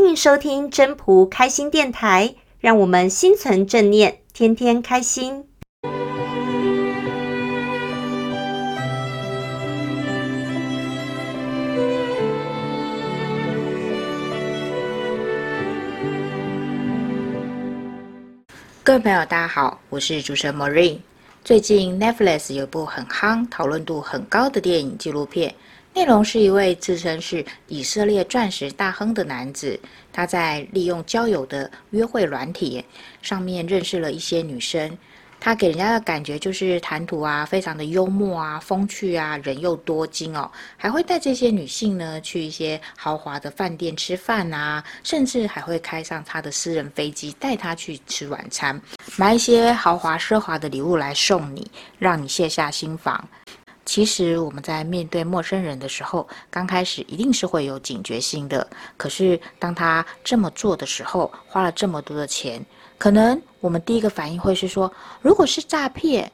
歡迎收聽真樸開心電台，讓我們心存正念，天天開心。各位朋友，大家好，我是主持人 Marine。最近 Netflix 有部很夯、討論度很高的電影紀錄片。內容是一位自稱是以色列鑽石大亨的男子，他在利用交友的約會軟體上面認識了一些女生。他給人家的感覺就是談吐啊，非常的幽默啊、風趣啊，人又多金哦，還會帶這些女性呢去一些豪華的飯店吃飯啊，甚至還會開上他的私人飛機帶她去吃晚餐，買一些豪華奢華的禮物來送你，讓你卸下心防。其實我們在面對陌生人的時候，剛開始一定是會有警覺性的。可是當他這麼做的時候，花了這麼多的錢，可能我們第一個反應會是說，如果是詐騙，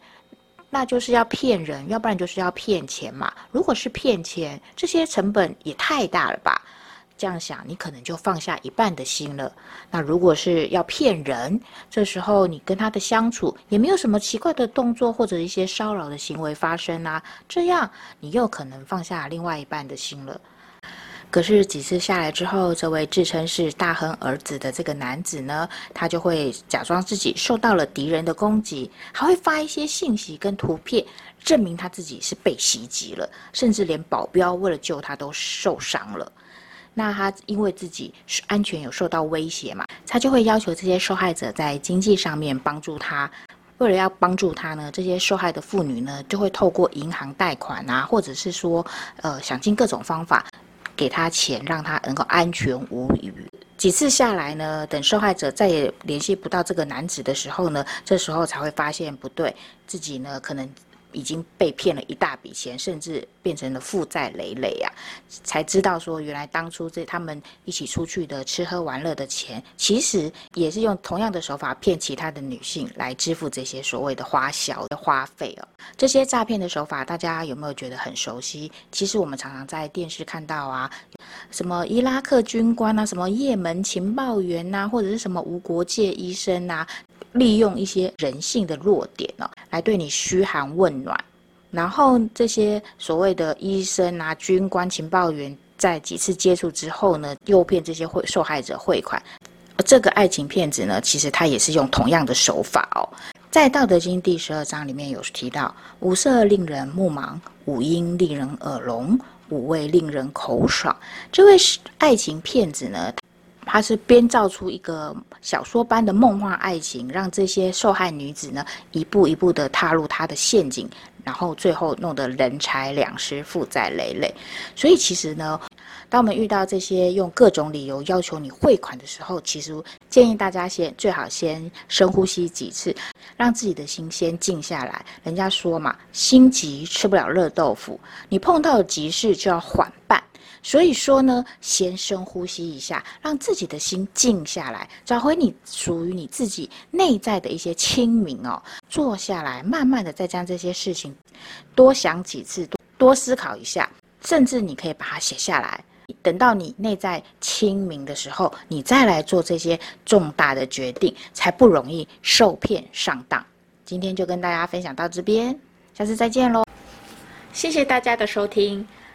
那就是要騙人，要不然就是要騙錢嘛。如果是騙錢，這些成本也太大了吧。這樣想，你可能就放下一半的心了。那如果是要騙人，這時候你跟他的相處也沒有什麼奇怪的動作或者一些騷擾的行為發生啊，這樣你又可能放下另外一半的心了。可是幾次下來之後，這位自稱是大亨兒子的這個男子呢，他就會假裝自己受到了敵人的攻擊，還會發一些信息跟圖片證明他自己是被襲擊了，甚至連保鏢為了救他都受傷了。那他因為自己安全有受到威脅嘛，他就會要求這些受害者在經濟上面幫助他。為了要幫助他呢，這些受害的婦女呢，就會透過銀行貸款啊，或者是說，呃，想盡各種方法給他錢，讓他能夠安全無虞。幾次下來呢，等受害者再也聯繫不到這個男子的時候呢，這時候才會發現不對，自己呢可能。已經被騙了一大筆錢，甚至變成了負債累累啊！才知道說，原來當初這他們一起出去的吃喝玩樂的錢，其實也是用同樣的手法騙其他的女性來支付這些所謂的花銷的花費哦，這些詐騙的手法，大家有沒有覺得很熟悉？其實我們常常在電視看到啊，什麼伊拉克軍官啊，什麼葉門情報員吶、啊，或者是什麼無國界醫生吶、啊。利用一些人性的弱點哦，來對你噓寒問暖，然後這些所謂的醫生啊、軍官、情報員，在幾次接觸之後呢，誘騙這些受受害者匯款。而這個愛情騙子呢，其實他也是用同樣的手法哦。在《道德經》第十二章裡面有提到：五色令人目盲，五音令人耳聾，五味令人口爽。這位是愛情騙子呢？他是編造出一個小說般的夢幻愛情，讓這些受害女子呢，一步一步的踏入他的陷阱，然後最後弄得人財兩失、負債累累。所以其實呢，當我們遇到這些用各種理由要求你匯款的時候，其實建議大家先最好先深呼吸幾次，讓自己的心先靜下來。人家說嘛，心急吃不了熱豆腐，你碰到的急事就要緩辦。所以說呢，先深呼吸一下，讓自己的心靜下來，找回你屬於你自己內在的一些清明哦。坐下來，慢慢的再將這些事情多想幾次，多思考一下，甚至你可以把它寫下來。等到你內在清明的時候，你再來做這些重大的決定，才不容易受騙上當。今天就跟大家分享到這邊，下次再見嘍！謝謝大家的收聽。